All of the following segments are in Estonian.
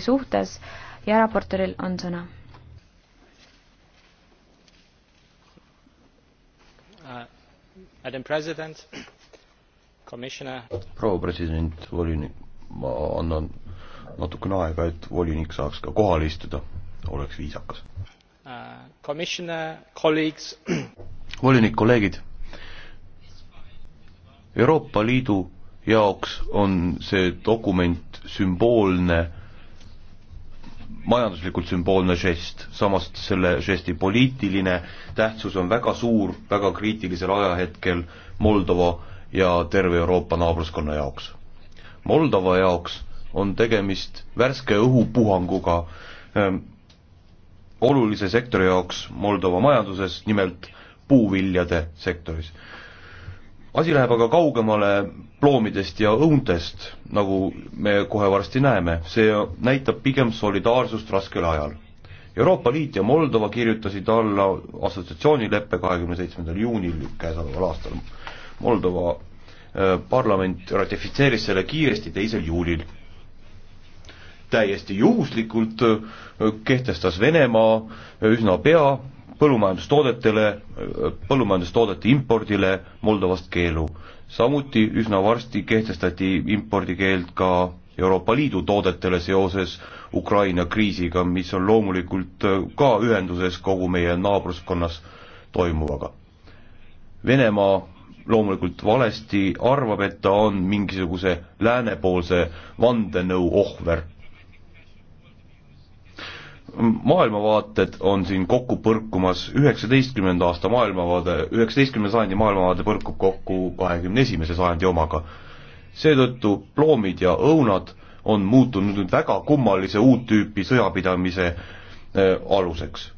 Ühendkuningriigi suhtes ja raportööril on sõna. Uh, proua president, volinik, ma annan natukene aega, et volinik saaks ka kohale istuda, oleks viisakas uh, volinik kolleegid euroopa liidu jaoks on see dokument sümboolne majanduslikult sümboolne žest, samas selle žesti poliitiline tähtsus on väga suur väga kriitilisel ajahetkel Moldova ja terve Euroopa naabruskonna jaoks. Moldova jaoks on tegemist värske õhupuhanguga ähm, olulise sektori jaoks Moldova majanduses, nimelt puuviljade sektoris asi läheb aga kaugemale ploomidest ja õuntest, nagu me kohe varsti näeme, see näitab pigem solidaarsust raskel ajal. Euroopa Liit ja Moldova kirjutasid alla assotsiatsioonileppe kahekümne seitsmendal juunil käesoleval aastal. Moldova äh, parlament ratifitseeris selle kiiresti teisel juulil. täiesti juhuslikult äh, kehtestas Venemaa üsna pea põllumajandustoodetele, põllumajandustoodete impordile Moldovast keelu. samuti üsna varsti kehtestati impordikeeld ka Euroopa Liidu toodetele seoses Ukraina kriisiga, mis on loomulikult ka ühenduses kogu meie naabruskonnas toimuvaga. Venemaa loomulikult valesti arvab, et ta on mingisuguse läänepoolse vandenõu ohver maailmavaated on siin kokku põrkumas, üheksateistkümnenda aasta maailmavaade, üheksateistkümnenda sajandi maailmavaade põrkub kokku kahekümne esimese sajandi omaga. seetõttu ploomid ja õunad on muutunud nüüd väga kummalise uut tüüpi sõjapidamise äh, aluseks.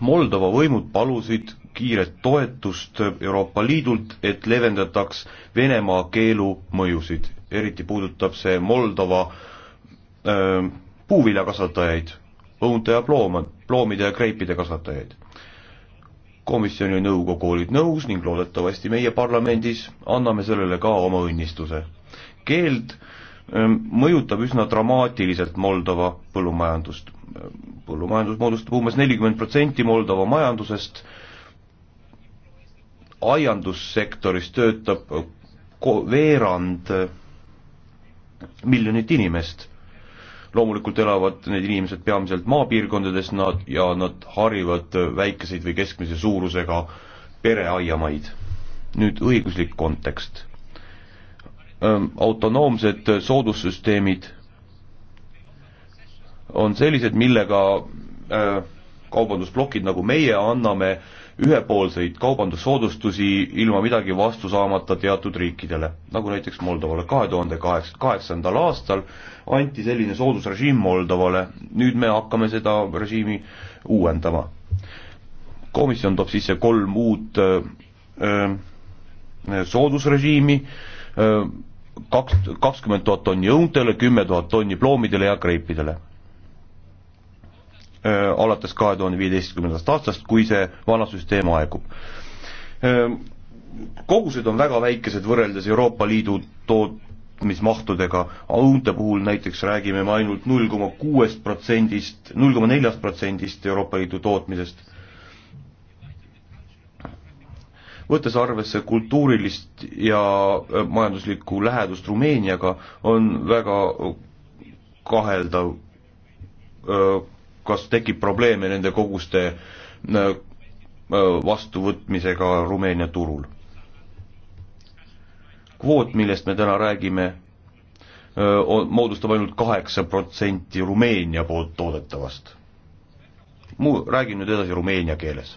Moldova võimud palusid kiiret toetust Euroopa Liidult, et leevendataks Venemaa keelu mõjusid, eriti puudutab see Moldova öö, äh, puuviljakasvatajaid, õunte ja plooma, ploomide ja kreipide kasvatajaid. komisjon ja nõukogu olid nõus ning loodetavasti meie parlamendis anname sellele ka oma õnnistuse. keeld ähm, mõjutab üsna dramaatiliselt Moldova põllumajandust. põllumajandus moodustab umbes nelikümmend protsenti Moldova majandusest, aiandussektoris töötab veerand äh, miljonit inimest loomulikult elavad need inimesed peamiselt maapiirkondades, nad, ja nad harivad väikeseid või keskmise suurusega pereaiamaid. nüüd õiguslik kontekst. autonoomsed soodussüsteemid on sellised, millega kaubandusplokid nagu meie anname äh, ühepoolseid kaubandussoodustusi ilma midagi vastu saamata teatud riikidele, nagu näiteks Moldovale. kahe tuhande kaheksa, kaheksandal aastal anti selline soodusrežiim Moldovale, nüüd me hakkame seda režiimi uuendama. komisjon toob sisse kolm uut öö, öö, soodusrežiimi, kaks, kakskümmend tuhat tonni õuntele, kümme tuhat tonni ploomidele ja kreipidele Äh, alates kahe tuhande viieteistkümnendast aastast, kui see vana süsteem aegub. Äh, kogused on väga väikesed võrreldes Euroopa Liidu tootmismahtudega, õunte puhul näiteks räägime me ainult null koma kuuest protsendist, null koma neljast protsendist Euroopa Liidu tootmisest. võttes arvesse kultuurilist ja äh, majanduslikku lähedust Rumeeniaga, on väga kaheldav öö, kas tekib probleeme nende koguste äh, äh, vastuvõtmisega Rumeenia turul. kvoot, millest me täna räägime, äh, moodustab ainult kaheksa protsenti Rumeenia poolt toodetavast. mu, räägin nüüd edasi rumeenia keeles.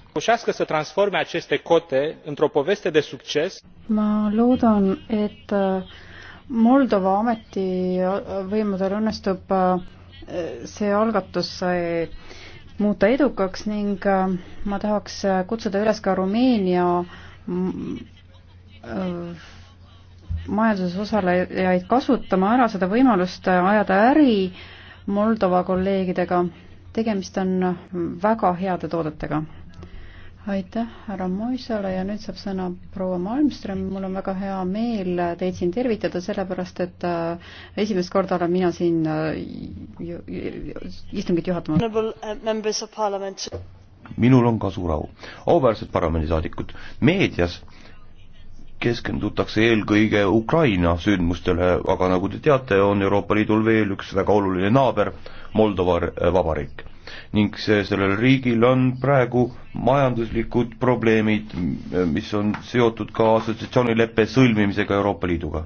ma loodan, et Moldova ametivõimudel õnnestub see algatus sai muuta edukaks ning äh, ma tahaks äh, kutsuda üles ka Rumeenia mm, äh, majanduses osalejaid kasutama ära seda võimalust ajada äri Moldova kolleegidega. tegemist on väga heade toodetega aitäh härra Moisale ja nüüd saab sõna proua Malmström. mul on väga hea meel teid siin tervitada, sellepärast et äh, esimest korda olen mina siin äh, istungit juhatamas. Äh, minul on ka suur au. auväärsed parlamendisaadikud, meedias keskendutakse eelkõige Ukraina sündmustele, aga nagu te teate, on Euroopa Liidul veel üks väga oluline naaber, Moldova Vabariik ning see, sellel riigil on praegu majanduslikud probleemid, mis on seotud ka assotsiatsioonileppe sõlmimisega Euroopa Liiduga.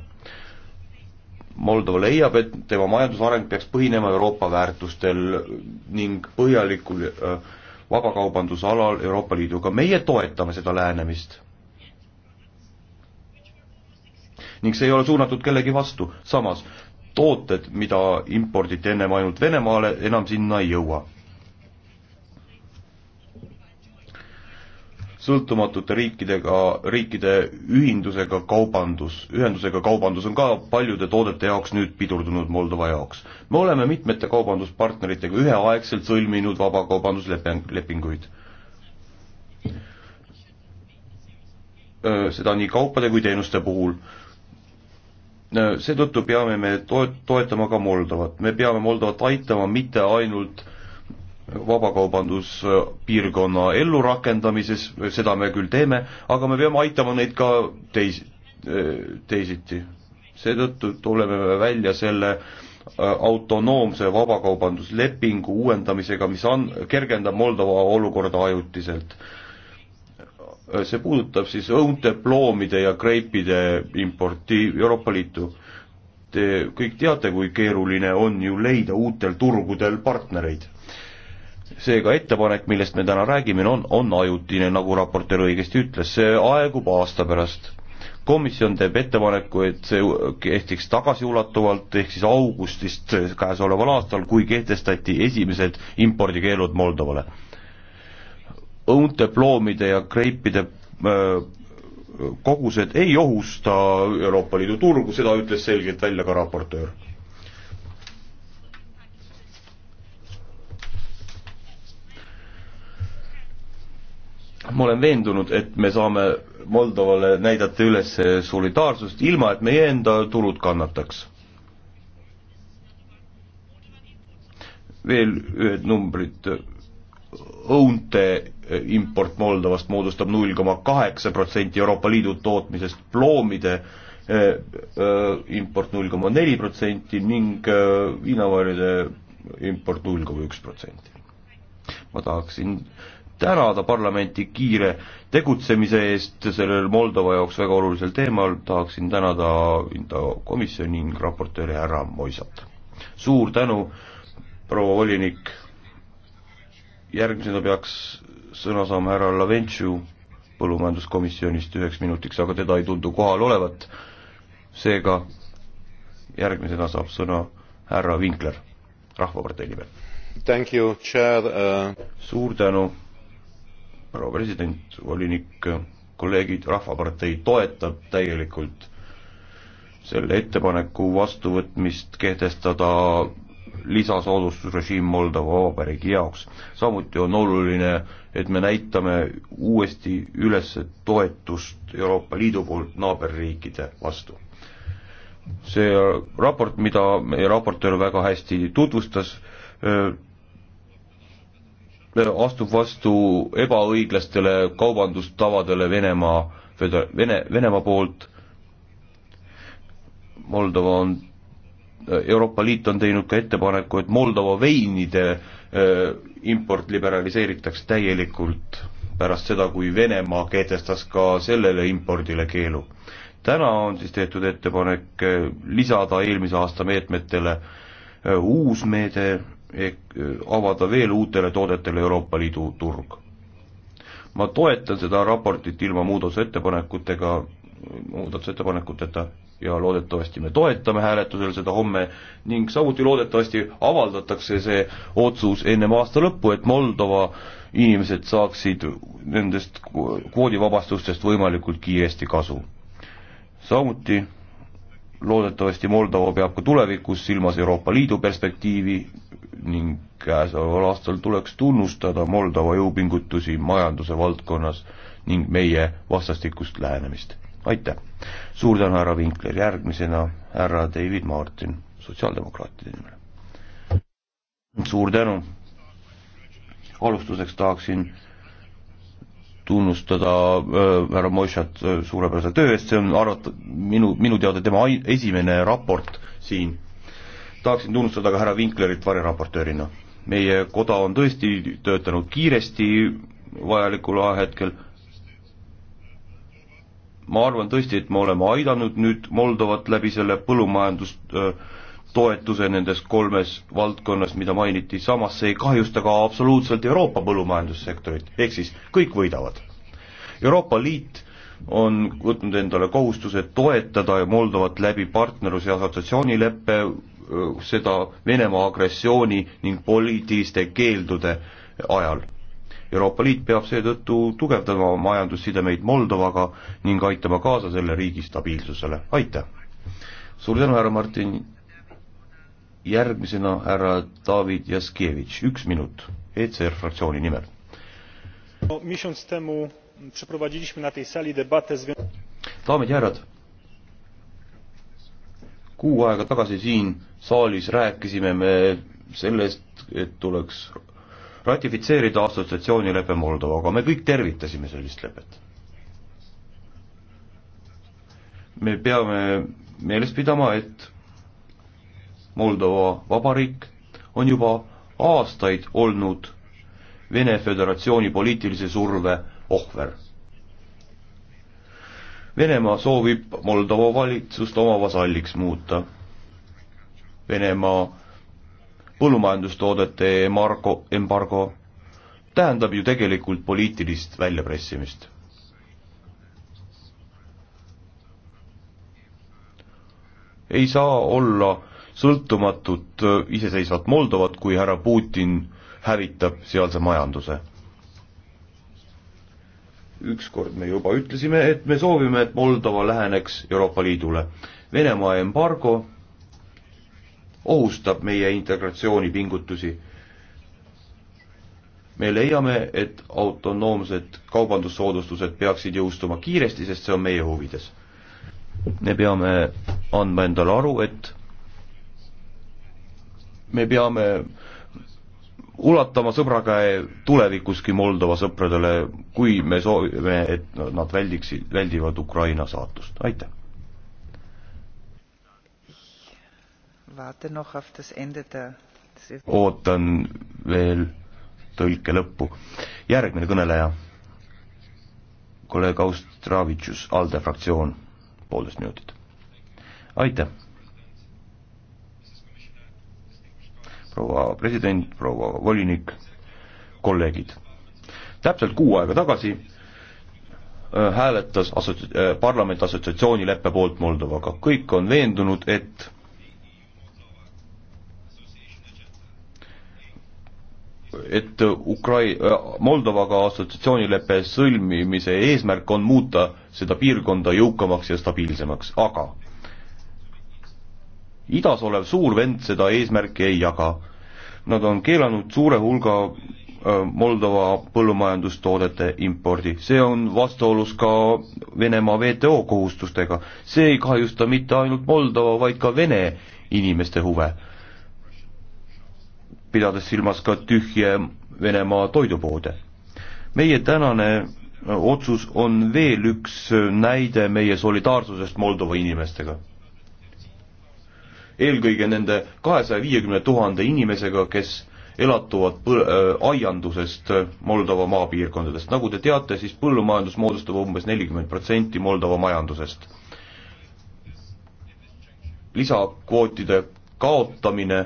Moldova leiab, et tema majandusareng peaks põhinema Euroopa väärtustel ning põhjalikul äh, vabakaubandusalal Euroopa Liiduga, meie toetame seda lähenemist. ning see ei ole suunatud kellegi vastu, samas tooted, mida imporditi ennem ainult Venemaale, enam sinna ei jõua sõltumatute riikidega, riikide ühindusega kaubandus, ühendusega kaubandus on ka paljude toodete jaoks nüüd pidurdunud Moldova jaoks. me oleme mitmete kaubanduspartneritega üheaegselt sõlminud vabakaubandusleping, lepinguid. seda nii kaupade kui teenuste puhul. seetõttu peame me toet-, toetama ka Moldovat, me peame Moldovat aitama mitte ainult vabakaubanduspiirkonna ellurakendamises, seda me küll teeme, aga me peame aitama neid ka teis-, teisiti. seetõttu tuleme me välja selle äh, autonoomse vabakaubanduslepingu uuendamisega, mis an-, kergendab Moldova olukorda ajutiselt. see puudutab siis õunte, ploomide ja kreipide importi Euroopa Liitu te kõik teate, kui keeruline on ju leida uutel turgudel partnereid seega ettepanek, millest me täna räägime, on, on ajutine, nagu raportöör õigesti ütles, see aegub aasta pärast. komisjon teeb ettepaneku, et see kehtiks tagasiulatuvalt, ehk siis augustist käesoleval aastal, kui kehtestati esimesed impordikeelud Moldovale. õunte, ploomide ja kreipide öö, äh, kogused ei ohusta Euroopa Liidu turgu, seda ütles selgelt välja ka raportöör ma olen veendunud, et me saame Moldovale näidata üles solidaarsust, ilma et meie enda tulud kannataks. veel ühed numbrid, õunte import Moldovast moodustab null koma kaheksa protsenti Euroopa Liidu tootmisest, ploomide eh, eh, import null koma neli protsenti ning viinavarjade eh, import null koma üks protsenti. ma tahaksin tänada parlamenti kiire tegutsemise eest sellel Moldova jaoks väga olulisel teemal, tahaksin tänada komisjoni ning raportööri härra Moisat. suur tänu, proua volinik, järgmisena peaks sõna saama härra Laventšu põllumajanduskomisjonist üheks minutiks, aga teda ei tundu kohal olevat, seega järgmisena saab sõna härra Vinkler Rahvapartei nimel. Uh, suur tänu proua president, volinik, kolleegid, Rahvapartei toetab täielikult selle ettepaneku vastuvõtmist kehtestada lisasoodustusrežiim Moldova Vabariigi jaoks. samuti on oluline, et me näitame uuesti üles toetust Euroopa Liidu poolt naaberriikide vastu. see raport, mida meie raportöör väga hästi tutvustas, Äh, astub vastu ebaõiglastele kaubandustavadele Venemaa, Vene, Venemaa poolt. Moldova on, äh, Euroopa Liit on teinud ka ettepaneku, et Moldova veinide äh, import liberaliseeritakse täielikult pärast seda, kui Venemaa kehtestas ka sellele impordile keelu. täna on siis tehtud ettepanek lisada eelmise aasta meetmetele uus meede, ehk äh, avada veel uutele toodetele Euroopa Liidu turg. ma toetan seda raportit ilma muudatusettepanekutega, muudatusettepanekuteta ja loodetavasti me toetame hääletusel seda homme ning samuti loodetavasti avaldatakse see otsus ennem aasta lõppu, et Moldova inimesed saaksid nendest kvoodivabastustest võimalikult kiiresti kasu. samuti loodetavasti Moldova peab ka tulevikus silmas Euroopa Liidu perspektiivi ning käesoleval aastal tuleks tunnustada Moldova jõupingutusi majanduse valdkonnas ning meie vastastikust lähenemist. aitäh! suur tänu, härra Vinkler, järgmisena härra David Martin sotsiaaldemokraatide nimel. suur tänu! alustuseks tahaksin tunnustada äh, härra Mošat äh, suurepärase töö eest, see on arvat-, minu, minu teada tema ai-, esimene raport siin tahaksin tunnustada ka härra Vinklerit variraportöörina. meie koda on tõesti töötanud kiiresti vajalikul ajahetkel, ma arvan tõesti, et me oleme aidanud nüüd Moldovat läbi selle põllumajandustoetuse nendes kolmes valdkonnas, mida mainiti, samas see ei kahjusta ka absoluutselt Euroopa põllumajandussektorit, ehk siis kõik võidavad. Euroopa Liit on võtnud endale kohustuse toetada Moldovat läbi partnerluse assotsiatsioonileppe seda Venemaa agressiooni ning poliitiliste keeldude ajal. Euroopa Liit peab seetõttu tugevdama majandussidemeid Moldovaga ning aitama kaasa selle riigi stabiilsusele, aitäh! suur tänu, härra Martin, järgmisena härra David Jaskevitš, üks minut, ECR fraktsiooni nimel. miesiąc temu przeprowadziliśmy na tej sali debatę zwią-... daamid ja härrad, kuu aega tagasi siin saalis rääkisime me sellest, et tuleks ratifitseerida assotsiatsioonilepe Moldovaga, me kõik tervitasime sellist lepet. me peame meeles pidama, et Moldova Vabariik on juba aastaid olnud Vene Föderatsiooni poliitilise surve ohver. Venemaa soovib Moldova valitsust oma vasalliks muuta Venemaa põllumajandustoodete embargo, embargo tähendab ju tegelikult poliitilist väljapressimist. ei saa olla sõltumatut äh, iseseisvat Moldovat, kui härra Putin hävitab sealse majanduse. ükskord me juba ütlesime, et me soovime, et Moldova läheneks Euroopa Liidule. Venemaa embargo ohustab meie integratsioonipingutusi. me leiame, et autonoomsed kaubandussoodustused peaksid jõustuma kiiresti, sest see on meie huvides. me peame andma endale aru, et me peame ulatama sõbrakäe tulevikuski Moldova sõpradele, kui me soovime, et nad väldiksid, väldivad Ukraina saatust, aitäh! ootan veel tõlke lõppu. järgmine kõneleja, kolleeg Austravitšus, ALDE fraktsioon, poolteist minutit. aitäh! proua president, proua volinik, kolleegid. täpselt kuu aega tagasi äh, hääletas assots-, äh, parlament assotsiatsioonileppe poolt Moldovaga, kõik on veendunud, et et Ukrai-, äh, Moldovaga assotsiatsioonilepe sõlmimise eesmärk on muuta seda piirkonda jõukamaks ja stabiilsemaks, aga idas olev suur vend seda eesmärki ei jaga. Nad on keelanud suure hulga äh, Moldova põllumajandustoodete impordi, see on vastuolus ka Venemaa WTO kohustustega. see ei kahjusta mitte ainult Moldova, vaid ka Vene inimeste huve pidades silmas ka tühje Venemaa toidupoode. meie tänane otsus on veel üks näide meie solidaarsusest Moldova inimestega. eelkõige nende kahesaja viiekümne tuhande inimesega, kes elatuvad põl-, äh, aiandusest Moldova maapiirkondadest. nagu te teate, siis põllumajandus moodustab umbes nelikümmend protsenti Moldova majandusest. lisakvootide kaotamine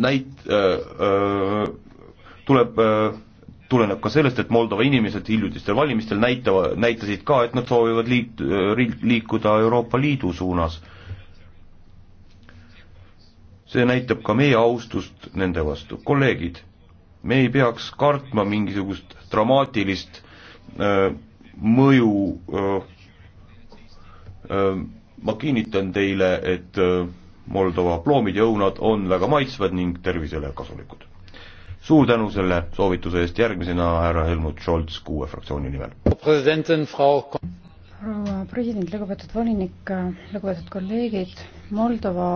näit- äh,, äh, tuleb äh, tuleneb ka sellest, et Moldova inimesed hiljutistel valimistel näitava, näitasid ka, et nad soovivad liit-, äh, liikuda Euroopa Liidu suunas. see näitab ka meie austust nende vastu. kolleegid, me ei peaks kartma mingisugust dramaatilist öö, äh, mõju, äh, ma kinnitan teile, et öö, Moldova ploomid ja õunad on väga maitsvad ning tervisele kasulikud. suur tänu selle soovituse eest, järgmisena härra Helmut Scholz kuue fraktsiooni nimel. proua president, lugupeetud volinik, lugupeetud kolleegid, Moldova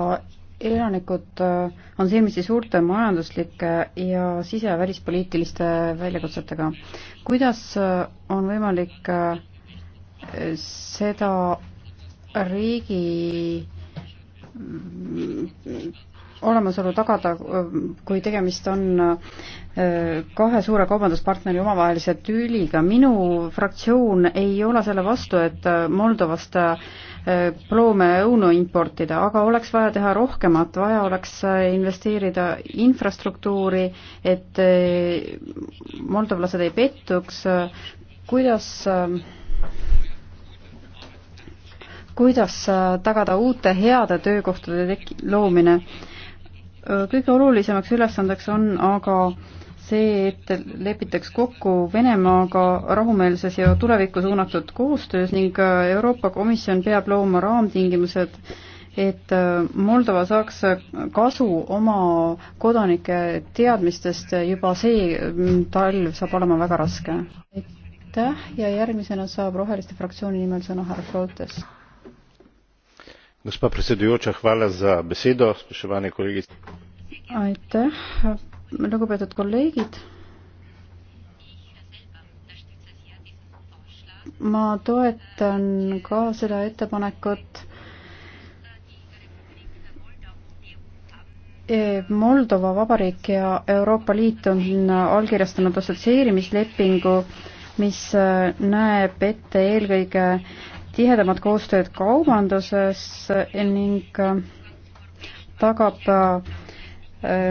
elanikud äh, on silmitsi suurte majanduslike ja sise- ja välispoliitiliste väljakutsetega. kuidas äh, on võimalik äh, seda riigi olemasolu tagada, kui tegemist on äh, kahe suure kaubanduspartneri omavahelise tüliga. minu fraktsioon ei ole selle vastu, et äh, Moldovast äh, loomeõunu importida, aga oleks vaja teha rohkemat, vaja oleks investeerida infrastruktuuri, et moldovlased ei pettuks. kuidas kuidas äh, tagada uute heade töökohtade loomine. Äh, kõige olulisemaks ülesandeks on aga see, et lepitaks kokku Venemaaga rahumeelses ja tulevikku suunatud koostöös ning äh, Euroopa Komisjon peab looma raamtingimused, et Moldova saaks kasu oma kodanike teadmistest, juba see mm, talv saab olema väga raske. aitäh ja järgmisena saab Roheliste fraktsiooni nimel sõna härra Šoltes gospa predsedujoča hvala za besedo spoštovane kolegice aitäh lugupeetud kolleegid ma toetan ka seda ettepanekut e, Moldova Vabariik ja Euroopa Liit on allkirjastanud assotsieerimislepingu, mis äh, näeb ette eelkõige tihedamat koostööd kaubanduses ning äh, tagab äh,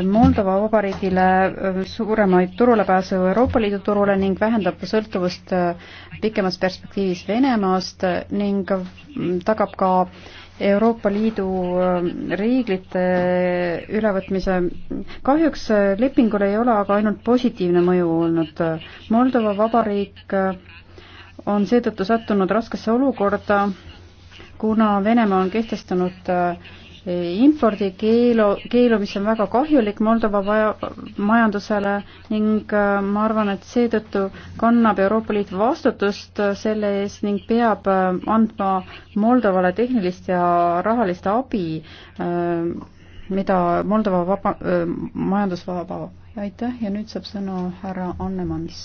Moldova Vabariigile äh, suuremaid turulepääsu Euroopa Liidu turule ning vähendab sõltuvust pikemas perspektiivis Venemaast ning tagab ka Euroopa Liidu reeglite ülevõtmise. kahjuks lepingul ei ole aga ainult positiivne mõju olnud. Moldova Vabariik on seetõttu sattunud raskesse olukorda, kuna Venemaa on kehtestanud äh, impordikeelu, keelu, mis on väga kahjulik Moldova vaja, majandusele ning äh, ma arvan, et seetõttu kannab Euroopa Liit vastutust äh, selle eest ning peab andma Moldovale tehnilist ja rahalist abi, mida Moldova vaba, majandus vabab. aitäh ja nüüd saab sõna härra Annemans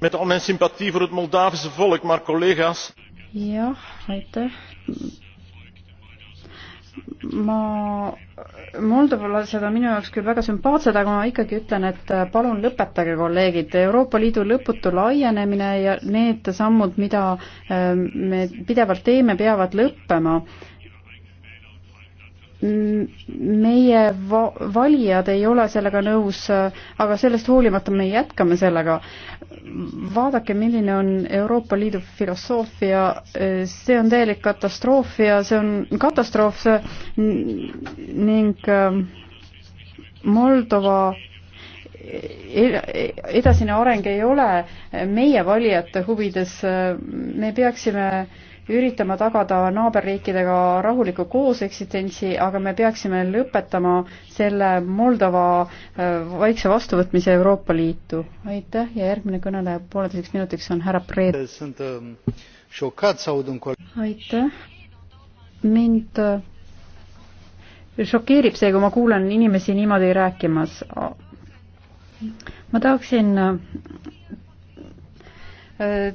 met al mijn sympathie voor het moldavische volk maar collega's. jah aitäh ma moldovalased on minu jaoks küll väga sümpaatsed, aga ma ikkagi ütlen, et äh, palun lõpetage, kolleegid, Euroopa Liidu lõputu laienemine ja need sammud, mida äh, me pidevalt teeme, peavad lõppema meie va-, valijad ei ole sellega nõus, aga sellest hoolimata me jätkame sellega. vaadake, milline on Euroopa Liidu filosoofia, see on täielik katastroof ja see on katastroof ning äh, Moldova e-, e-, edasine areng ei ole meie valijate huvides, me peaksime äh, üritama tagada naaberriikidega rahuliku kooseksistentsi, aga me peaksime lõpetama selle Moldova äh, vaikse vastuvõtmise Euroopa Liitu. aitäh ja järgmine kõneleja pooleteiseks minutiks on härra Preet. aitäh. mind äh, šokeerib see, kui ma kuulen inimesi niimoodi rääkimas. ma tahaksin äh,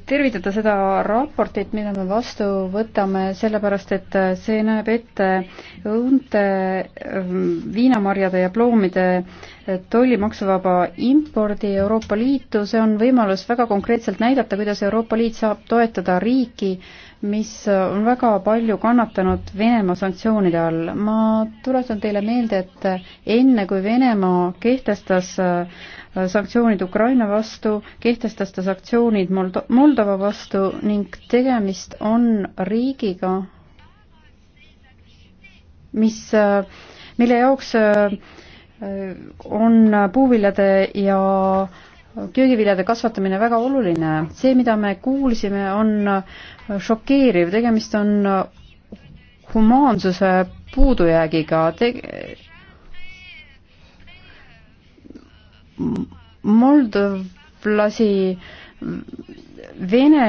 tervitada seda raportit, mille me vastu võtame, sellepärast et see näeb ette õunte, ähm, viinamarjade ja ploomide äh, tollimaksuvaba impordi Euroopa Liitu, see on võimalus väga konkreetselt näidata, kuidas Euroopa Liit saab toetada riiki, mis on väga palju kannatanud Venemaa sanktsioonide all. ma tuletan teile meelde, et enne kui Venemaa kehtestas äh, sanktsioonid Ukraina vastu, kehtestas ta sanktsioonid Moldo-, Moldova vastu ning tegemist on riigiga, mis, äh, mille jaoks äh, on puuviljade ja köögiviljade kasvatamine väga oluline. see, mida me kuulsime, on šokeeriv, tegemist on humaansuse puudujäägiga Te.... moldovlasi Vene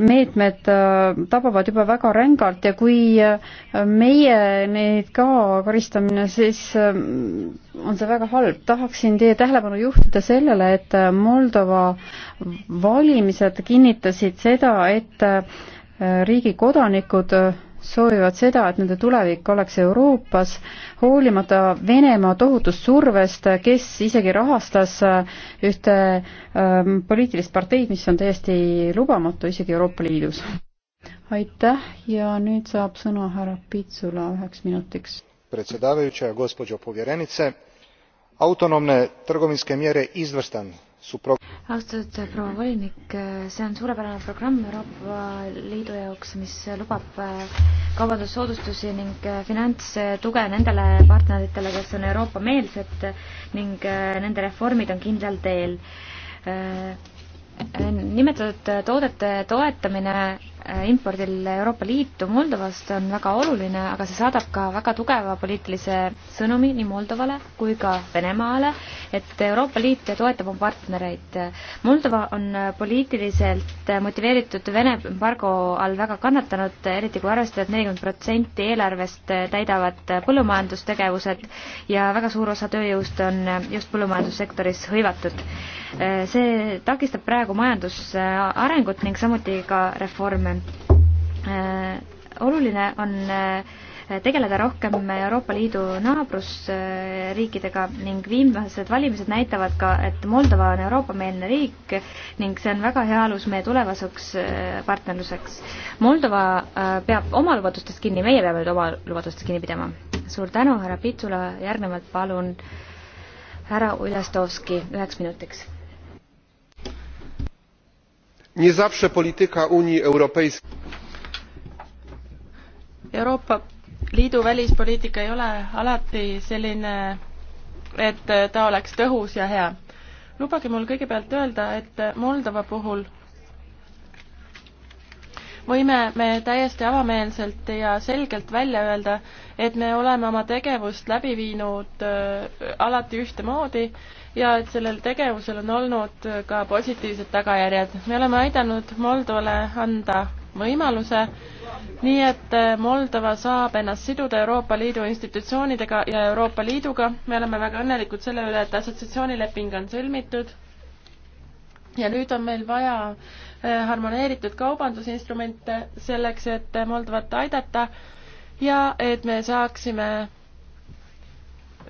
meetmed äh, tabavad juba väga rängalt ja kui äh, meie neid ka karistamine, siis äh, on see väga halb. tahaksin teie tähelepanu juhtida sellele, et Moldova valimised kinnitasid seda, et riigi kodanikud soovivad seda, et nende tulevik oleks Euroopas, hoolimata Venemaa tohutust survest, kes isegi rahastas äh, ühte ähm, poliitilist parteid, mis on täiesti lubamatu isegi Euroopa Liidus. aitäh ja nüüd saab sõna härra Pitsula üheks minutiks. autonoomne trgovinske mjere izvrstan austatud proua volinik, see on suurepärane programm Euroopa Liidu jaoks, mis lubab äh, kaubandussoodustusi ning äh, finantstuge nendele partneritele, kes on Euroopa-meelsed ning äh, nende reformid on kindlal teel. nimetatud toodete toetamine Äh, impordil Euroopa Liitu Moldovast on väga oluline, aga see saadab ka väga tugeva poliitilise sõnumi nii Moldovale kui ka Venemaale, et Euroopa Liit toetab oma partnereid. Moldova on poliitiliselt motiveeritud Vene embargo all väga kannatanud, eriti kui arvestada et, et nelikümmend protsenti eelarvest täidavad põllumajandustegevused ja väga suur osa tööjõust on just põllumajandussektoris hõivatud. Äh, see takistab praegu majandusarengut ning samuti ka reforme Äh, oluline on äh, tegeleda rohkem Euroopa Liidu naabrusriikidega ning viimased valimised näitavad ka, et Moldova on Euroopa-meelne riik ning see on väga hea alus meie tulevaseks äh, partnerluseks. Moldova peab oma lubadustest kinni, meie peame nüüd oma lubadustest kinni pidama. suur tänu, härra Pitsula, järgnevalt palun härra Uljastovski üheks minutiks nie zawsze polityka unii europejskiej euroopa liidu välispoliitika ei ole alati selline et ta oleks tõhus ja hea lubage mul kõigepealt öelda et moldova puhul võime me täiesti avameelselt ja selgelt välja öelda, et me oleme oma tegevust läbi viinud äh, alati ühtemoodi ja et sellel tegevusel on olnud ka positiivsed tagajärjed. me oleme aidanud Moldovale anda võimaluse, nii et äh, Moldova saab ennast siduda Euroopa Liidu institutsioonidega ja Euroopa Liiduga. me oleme väga õnnelikud selle üle, et assotsiatsioonileping on sõlmitud. ja nüüd on meil vaja äh, harmoneeritud kaubandusinstrumente selleks, et Moldovat aidata ja et me saaksime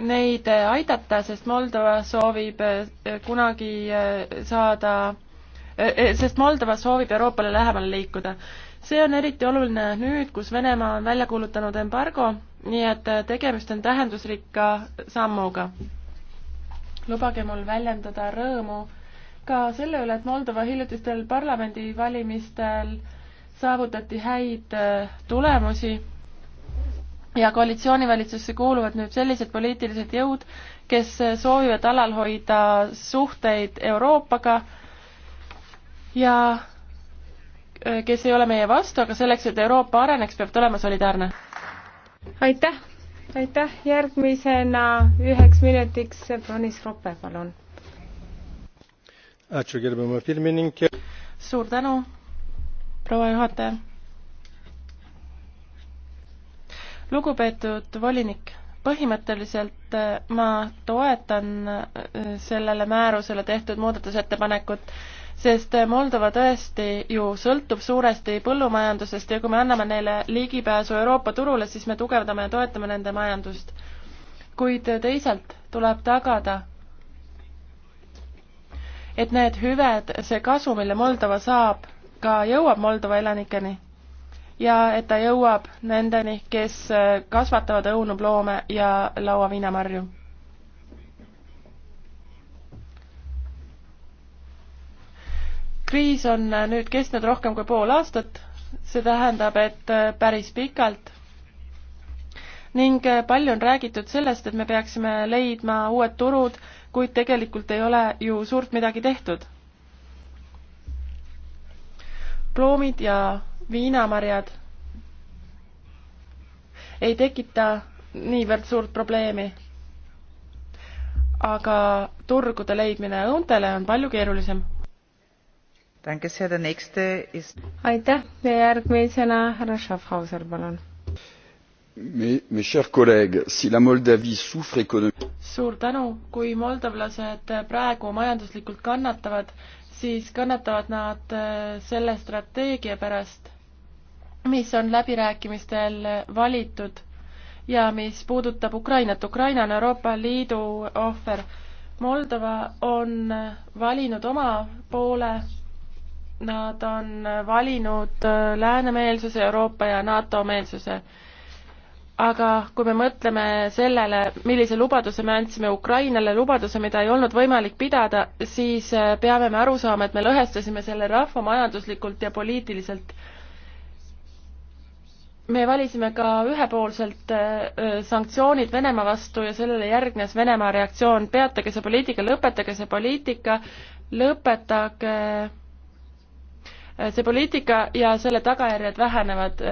neid aidata, sest Moldova soovib eh, kunagi eh, saada, eh, sest Moldova soovib Euroopale lähemale liikuda. see on eriti oluline nüüd, kus Venemaa on välja kuulutanud embargo, nii et tegemist on tähendusrikka sammuga. lubage mul väljendada rõõmu ka selle üle, et Moldova hiljutistel parlamendivalimistel saavutati häid tulemusi ja koalitsioonivalitsusse kuuluvad nüüd sellised poliitilised jõud, kes soovivad alal hoida suhteid Euroopaga ja äh, kes ei ole meie vastu, aga selleks, et Euroopa areneks, peab ta olema solidaarne. aitäh, aitäh, järgmisena üheks minutiks Bronis Roppe, palun. suur tänu, proua juhataja lugupeetud volinik, põhimõtteliselt äh, ma toetan äh, sellele määrusele tehtud muudatusettepanekut, sest äh, Moldova tõesti ju sõltub suuresti põllumajandusest ja kui me anname neile ligipääsu Euroopa turule, siis me tugevdame ja toetame nende majandust. kuid teisalt tuleb tagada, et need hüved, see kasu, mille Moldova saab, ka jõuab Moldova elanikeni ja et ta jõuab nendeni, kes äh, kasvatavad õunuploome ja lauaviinamarju. kriis on äh, nüüd kestnud rohkem kui pool aastat, see tähendab, et äh, päris pikalt ning palju on räägitud sellest, et me peaksime leidma uued turud, kuid tegelikult ei ole ju suurt midagi tehtud. ploomid ja viinamarjad ei tekita niivõrd suurt probleemi. aga turgude leidmine õuntele on palju keerulisem. aitäh ja järgmisena härra Schaffhauser, palun. Mes chers collègues, si la Moldavie souffre économiquement. suur tänu, kui moldovlased praegu majanduslikult kannatavad, siis kannatavad nad äh, selle strateegia pärast, mis on läbirääkimistel valitud ja mis puudutab Ukrainat. Ukraina on Euroopa Liidu ohver. Moldova on valinud oma poole. Nad on valinud läänemeelsuse, Euroopa ja NATO meelsuse aga kui me mõtleme sellele, millise lubaduse me andsime Ukrainale, lubaduse, mida ei olnud võimalik pidada, siis peame me aru saama, et me lõhestasime selle rahva majanduslikult ja poliitiliselt me valisime ka ühepoolselt äh, äh, sanktsioonid Venemaa vastu ja sellele järgnes Venemaa reaktsioon. peatage see poliitika, lõpetage see poliitika, lõpetage äh, see poliitika ja selle tagajärjed vähenevad.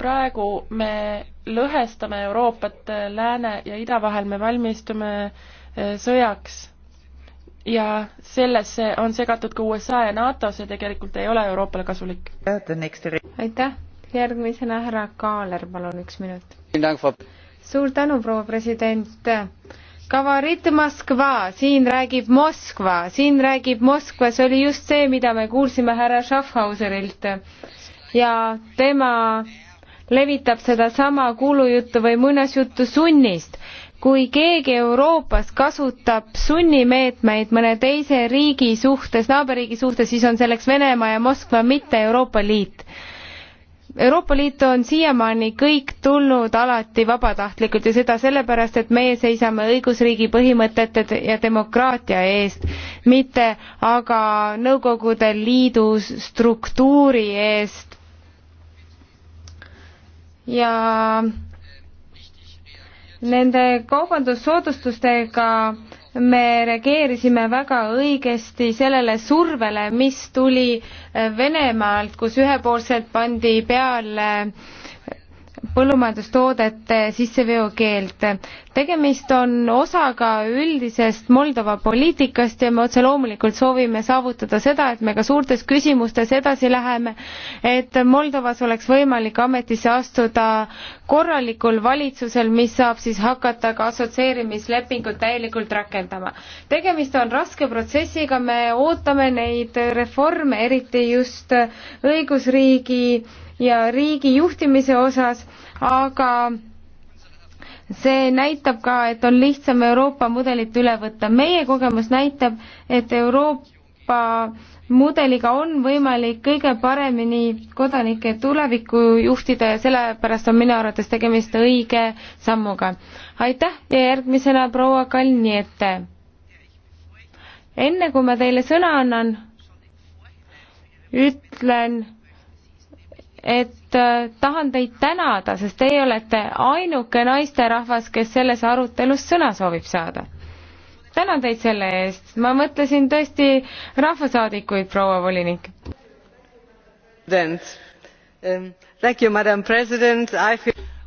praegu me lõhestame Euroopat lääne ja ida vahel, me valmistume sõjaks ja sellesse on segatud ka USA ja NATO, see tegelikult ei ole Euroopale kasulik. aitäh! järgmisena härra Kaaler, palun üks minut. suur tänu, proua president. Kavarit Moskva, siin räägib Moskva, siin räägib Moskva, see oli just see, mida me kuulsime härra Schaffhauserilt. ja tema levitab sedasama kuulujuttu või muinasjuttu sunnist. kui keegi Euroopas kasutab sunnimeetmeid mõne teise riigi suhtes, naaberriigi suhtes, siis on selleks Venemaa ja Moskva, mitte Euroopa Liit Euroopa Liitu on siiamaani kõik tulnud alati vabatahtlikult ja seda sellepärast, et meie seisame õigusriigi põhimõtete ja demokraatia eest, mitte aga Nõukogude Liidu struktuuri eest. ja nende kaubandussoodustustega äh, me reageerisime väga õigesti sellele survele, mis tuli Venemaalt, kus ühepoolselt pandi peale äh, põllumajandustoodete sisseveokeeld. tegemist on osaga üldisest Moldova poliitikast ja me otse loomulikult soovime saavutada seda, et me ka suurtes küsimustes edasi läheme, et Moldovas oleks võimalik ametisse astuda korralikul valitsusel, mis saab siis hakata ka assotsieerimislepingut täielikult rakendama. tegemist on raske protsessiga, me ootame neid reforme, eriti just õigusriigi ja riigi juhtimise osas, aga see näitab ka, et on lihtsam Euroopa mudelit üle võtta. meie kogemus näitab, et Euroopa mudeliga on võimalik kõige paremini kodanike tulevikku juhtida ja sellepärast on minu arvates tegemist õige sammuga. aitäh ja järgmisena proua Kalniete. enne kui ma teile sõna annan, ütlen et äh, tahan teid tänada, sest teie olete ainuke naisterahvas, kes selles arutelus sõna soovib saada. tänan teid selle eest, ma mõtlesin tõesti rahvasaadikuid, proua volinik. Um,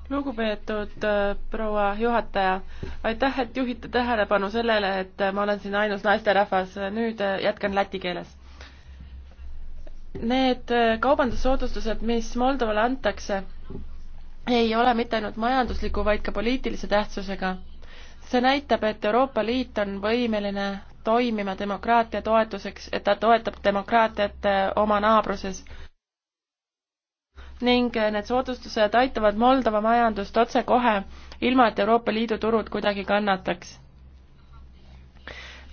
lugupeetud äh, proua juhataja, aitäh, et juhite tähelepanu sellele, et ma olen siin ainus naisterahvas, nüüd äh, jätkan läti keeles Need äh, kaubandussoodustused, mis Moldovale antakse, ei ole mitte ainult majandusliku, vaid ka poliitilise tähtsusega. see näitab, et Euroopa Liit on võimeline toimima demokraatia toetuseks, et ta toetab demokraatiat äh, oma naabruses. ning äh, need soodustused aitavad Moldova majandust otsekohe, ilma et Euroopa Liidu turud kuidagi kannataks.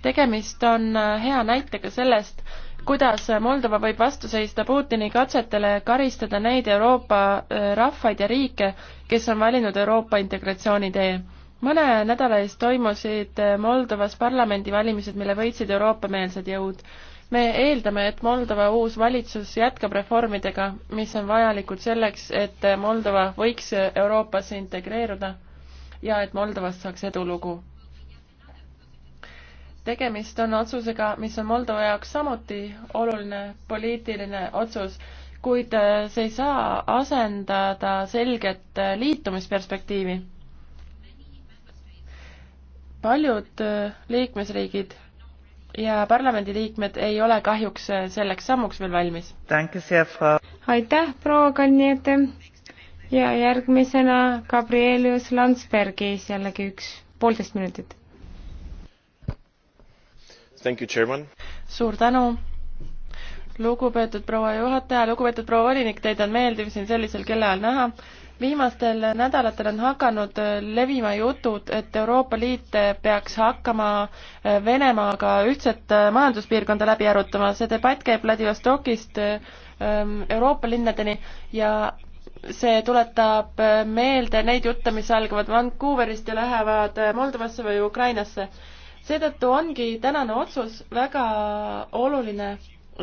tegemist on hea näitega sellest, kuidas Moldova võib vastu seista Putini katsetele karistada neid Euroopa äh, rahvaid ja riike, kes on valinud Euroopa integratsiooni tee. mõne nädala eest toimusid äh, Moldovas parlamendivalimised, mille võitsid Euroopa-meelsed jõud. me eeldame, et Moldova uus valitsus jätkab reformidega, mis on vajalikud selleks, et Moldova võiks Euroopasse integreeruda ja et Moldovast saaks edulugu tegemist on otsusega, mis on Moldova jaoks samuti oluline poliitiline otsus, kuid äh, see ei saa asendada selget äh, liitumisperspektiivi. paljud äh, liikmesriigid ja parlamendiliikmed ei ole kahjuks selleks sammuks veel valmis. aitäh, proua Kalniete ja järgmisena Gabrielius Landsbergis jällegi üks poolteist minutit suur tänu lugupeetud proua juhataja, lugupeetud proua volinik, teid on meeldiv siin sellisel kellaajal näha. viimastel nädalatel on hakanud äh, levima jutud, et Euroopa Liit äh, peaks hakkama äh, Venemaaga ühtset majanduspiirkonda läbi arutama. see debatt käib Vladivostokist ähm, Euroopa linnadeni ja see tuletab meelde neid jutte, mis algavad Vancouverist ja lähevad Moldovasse või Ukrainasse seetõttu ongi tänane otsus väga oluline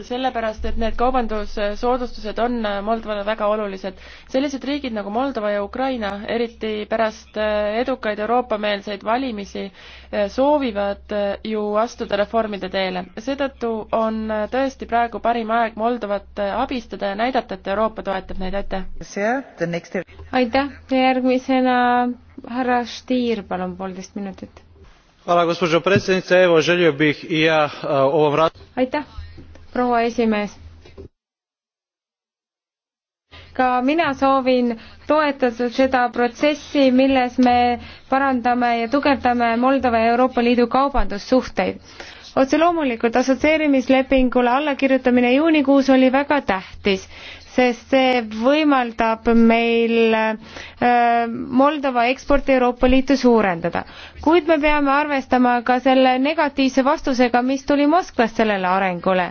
sellepärast, et need kaubandussoodustused on Moldovale väga olulised. sellised riigid nagu Moldova ja Ukraina, eriti pärast äh, edukaid Euroopa-meelseid valimisi, äh, soovivad äh, ju astuda reformide teele. seetõttu on tõesti praegu parim aeg Moldovat abistada ja näidata, et Euroopa toetab neid, aitäh! aitäh ja järgmisena härra Stier, palun, poolteist minutit gospođo predsjednice evo želio bih i ja e, ovom raspravom. aitäh proua esimees ka mina soovin toetada seda protsessi milles me parandame ja tugevdame moldova ja euroopa liidu kaubandussuhteid otse loomulikult assotsieerimislepingule allakirjutamine juunikuus oli väga tähtis sest see võimaldab meil äh, Moldova eksporti Euroopa Liitu suurendada. kuid me peame arvestama ka selle negatiivse vastusega, mis tuli Moskvast sellele arengule.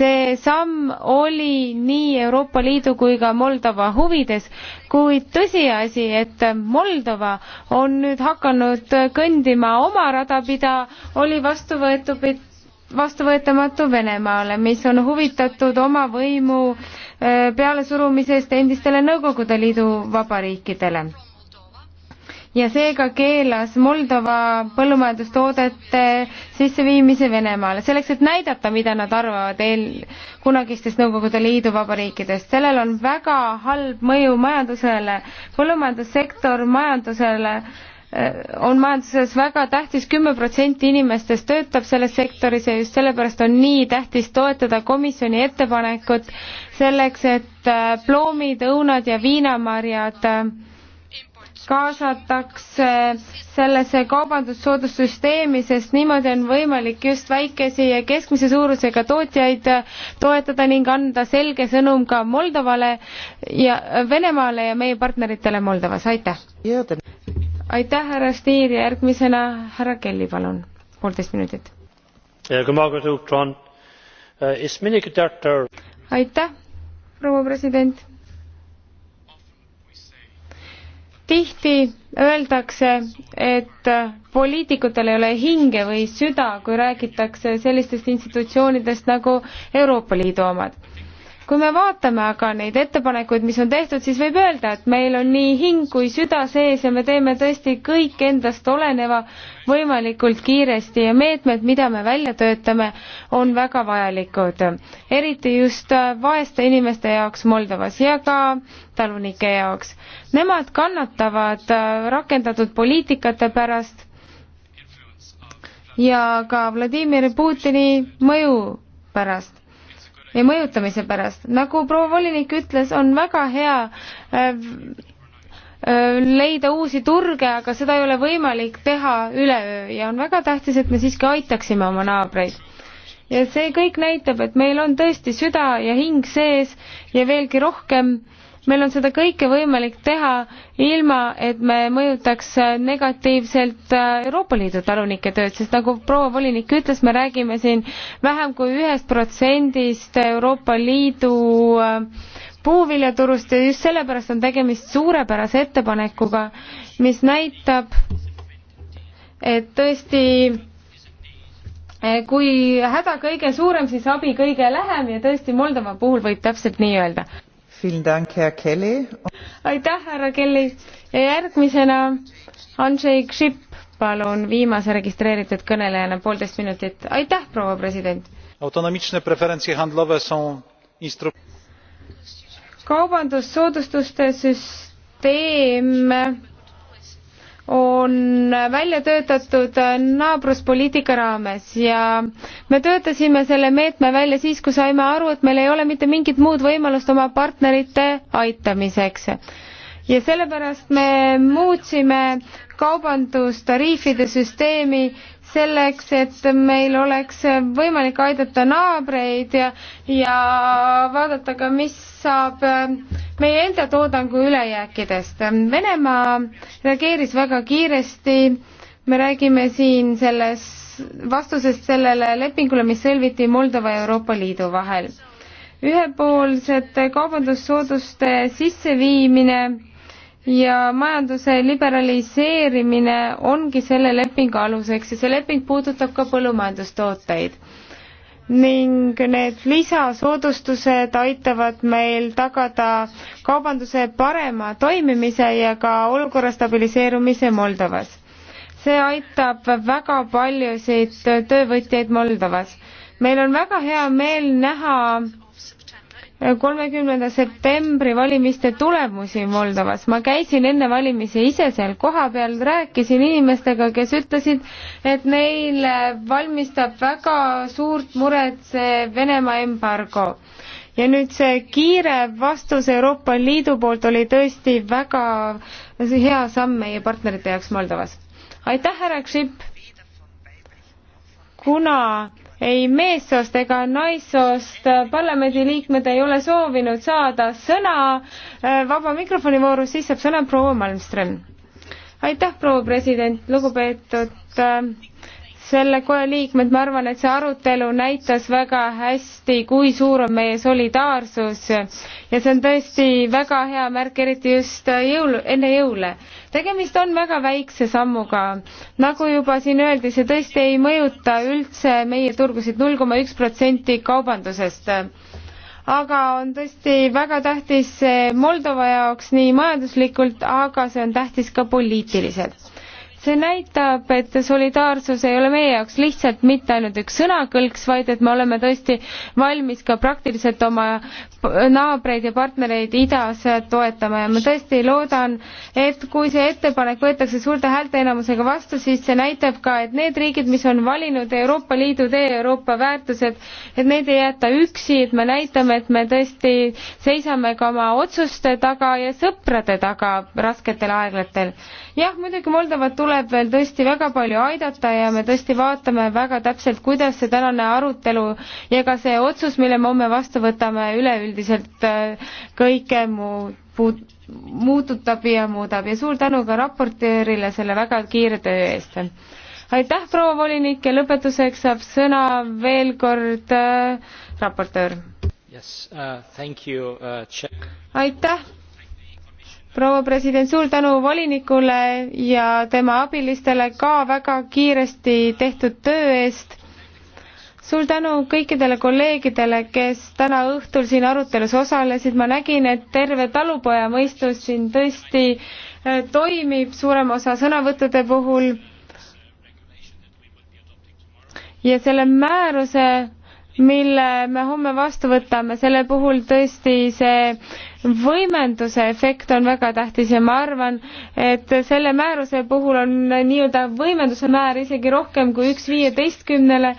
see samm oli nii Euroopa Liidu kui ka Moldova huvides, kuid tõsiasi, et Moldova on nüüd hakanud kõndima oma rada pida, oli vastuvõetu vastuvõetamatu Venemaale, mis on huvitatud oma võimu äh, pealesurumisest endistele Nõukogude Liidu vabariikidele. ja seega keelas Moldova põllumajandustoodete sisseviimise Venemaale, selleks et näidata, mida nad arvavad eel-, kunagistest Nõukogude Liidu vabariikidest. sellel on väga halb mõju majandusele, põllumajandussektor majandusele äh, Äh, on majanduses väga tähtis, kümme protsenti inimestest töötab selles sektoris ja just sellepärast on nii tähtis toetada komisjoni ettepanekut selleks, et äh, ploomid, õunad ja viinamarjad äh, kaasatakse sellesse kaubandussoodussüsteemi, sest niimoodi on võimalik just väikese ja keskmise suurusega tootjaid toetada ning anda selge sõnum ka Moldovale ja Venemaale ja meie partneritele Moldovas, aitäh! aitäh, härra Stier ja järgmisena härra Kelly, palun, poolteist minutit. Äh, aitäh, proua president. tihti öeldakse, et poliitikutel ei ole hinge või süda, kui räägitakse sellistest institutsioonidest nagu Euroopa Liidu omad kui me vaatame aga neid ettepanekuid, mis on tehtud, siis võib öelda, et meil on nii hing kui süda sees ja me teeme tõesti kõik endast oleneva võimalikult kiiresti ja meetmed, mida me välja töötame, on väga vajalikud. eriti just äh, vaeste inimeste jaoks Moldovas ja ka talunike jaoks. Nemad kannatavad äh, rakendatud poliitikate pärast ja ka Vladimir Putini mõju pärast ja mõjutamise pärast. nagu proua volinik ütles, on väga hea äh, äh, leida uusi turge, aga seda ei ole võimalik teha üleöö ja on väga tähtis, et me siiski aitaksime oma naabreid. ja see kõik näitab, et meil on tõesti süda ja hing sees ja veelgi rohkem äh, meil on seda kõike võimalik teha ilma, et me mõjutaks negatiivselt äh, Euroopa Liidu talunike tööd, sest nagu proua volinik ütles, me räägime siin vähem kui ühest protsendist Euroopa Liidu äh, puuviljaturust ja just sellepärast on tegemist suurepärase ettepanekuga, mis näitab, et tõesti äh, kui häda kõige suurem, siis abi kõige lähem ja tõesti Moldova puhul võib täpselt nii öelda aitäh, härra Kelly ja järgmisena Andrzej Grzyb, palun, viimase registreeritud kõnelejana poolteist minutit. aitäh, proua president. autonoomsed preferentsid handlove on instru-. kaubandussoodustuste süsteem on välja töötatud naabruspoliitika raames ja me töötasime selle meetme välja siis, kui saime aru, et meil ei ole mitte mingit muud võimalust oma partnerite aitamiseks. ja sellepärast me muutsime kaubandustariifide süsteemi selleks, et meil oleks võimalik aidata naabreid ja, ja vaadata ka, mis saab meie enda toodangu ülejääkidest. Venemaa reageeris väga kiiresti, me räägime siin selles vastusest sellele lepingule, mis sõlmiti Moldova ja Euroopa Liidu vahel. ühepoolsete kaubandussooduste sisseviimine ja majanduse liberaliseerimine ongi selle lepingu aluseks ja see leping puudutab ka põllumajandustooteid. ning need lisasoodustused aitavad meil tagada kaubanduse parema toimimise ja ka olukorra stabiliseerumise Moldovas. see aitab väga paljusid töövõtjaid Moldovas. meil on väga hea meel näha kolmekümnenda septembri valimiste tulemusi Moldovas. ma käisin enne valimisi ise seal kohapeal, rääkisin inimestega, kes ütlesid, et neil valmistab väga suurt muret see Venemaa embargo. ja nüüd see kiire vastus Euroopa Liidu poolt oli tõesti väga hea samm meie partnerite jaoks Moldovas. aitäh, härra Kšip! kuna ei meessoost ega naissoost parlamendiliikmed ei ole soovinud saada sõna. Äh, vaba mikrofoni voorus, siis saab sõna proua Malmström. aitäh, proua president, lugupeetud äh, selle koja liikmed, ma arvan, et see arutelu näitas väga hästi, kui suur on meie solidaarsus ja see on tõesti väga hea märk, eriti just jõul, enne jõule. tegemist on väga väikse sammuga. nagu juba siin öeldi, see tõesti ei mõjuta üldse meie turgusid null koma üks protsenti kaubandusest aga on tõesti väga tähtis Moldova jaoks nii majanduslikult, aga see on tähtis ka poliitiliselt see näitab, et solidaarsus ei ole meie jaoks lihtsalt mitte ainult üks sõnakõlks, vaid et me oleme tõesti valmis ka praktiliselt oma naabreid ja partnereid idas toetama ja ma tõesti loodan, et kui see ettepanek võetakse suurte häälteenamusega vastu, siis see näitab ka, et need riigid, mis on valinud Euroopa Liidu tee, Euroopa väärtused, et neid ei jäeta üksi, et me näitame, et me tõesti seisame ka oma otsuste taga ja sõprade taga rasketel aeglatel jah, muidugi Moldovat tuleb veel tõesti väga palju aidata ja me tõesti vaatame väga täpselt, kuidas see tänane arutelu ja ka see otsus, mille me homme vastu võtame, üleüldiselt äh, kõike muu puut-, muututab ja muudab ja suur tänu ka raportöörile selle väga kiire töö eest. aitäh, proua volinik ja lõpetuseks saab sõna veel kord äh, raportöör yes,. Uh, uh, aitäh proua president, suur tänu volinikule ja tema abilistele ka väga kiiresti tehtud töö eest. suur tänu kõikidele kolleegidele, kes täna õhtul siin arutelus osalesid, ma nägin, et terve talupojamõistus siin tõesti äh, toimib suurema osa sõnavõttude puhul. ja selle määruse mille me homme vastu võtame, selle puhul tõesti see võimenduse efekt on väga tähtis ja ma arvan, et selle määruse puhul on nii-öelda võimenduse määr isegi rohkem kui üks viieteistkümnele.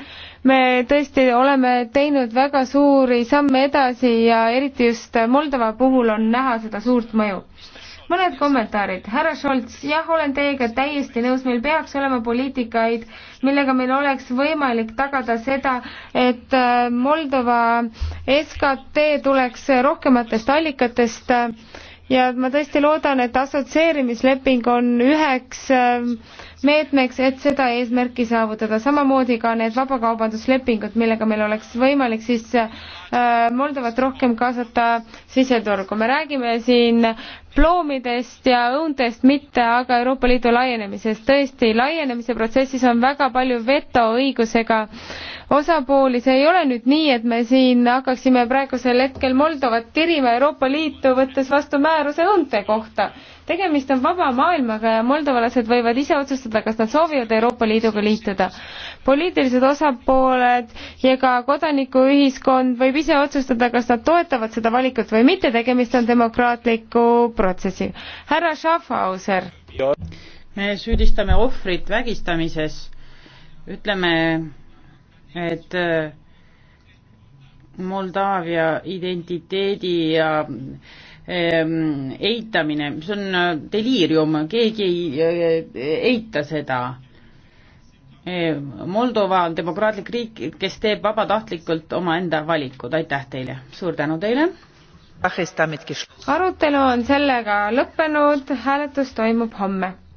me tõesti oleme teinud väga suuri samme edasi ja eriti just Moldova puhul on näha seda suurt mõju mõned kommentaarid. härra Scholz, jah, olen teiega täiesti nõus, meil peaks olema poliitikaid, millega meil oleks võimalik tagada seda, et äh, Moldova SKT tuleks äh, rohkematest allikatest äh, ja ma tõesti loodan, et assotsieerimisleping on üheks ähm, meetmeks, et seda eesmärki saavutada, samamoodi ka need vabakaubanduslepingud, millega meil oleks võimalik siis äh, Moldovat rohkem kaasata siseturgu. me räägime siin ploomidest ja õuntest mitte, aga Euroopa Liidu laienemisest. tõesti, laienemise protsessis on väga palju vetoõigusega osapooli, see ei ole nüüd nii, et me siin hakkaksime praegusel hetkel Moldovat tirima Euroopa Liitu, võttes vastu määruse õunte kohta. tegemist on vaba maailmaga ja moldovalased võivad ise otsustada, kas nad soovivad Euroopa Liiduga liituda. poliitilised osapooled ja ka kodanikuühiskond võib ise otsustada, kas nad toetavad seda valikut või mitte, tegemist on demokraatliku protsessiga. härra Schaffhauser me süüdistame ohvrit vägistamises, ütleme et äh, Moldaavia identiteedi ja ähm, eitamine, see on äh, deliirium, keegi ei äh, eita seda. Moldova on demokraatlik riik, kes teeb vabatahtlikult omaenda valikud, aitäh teile, suur tänu teile. arutelu on sellega lõppenud, hääletus toimub homme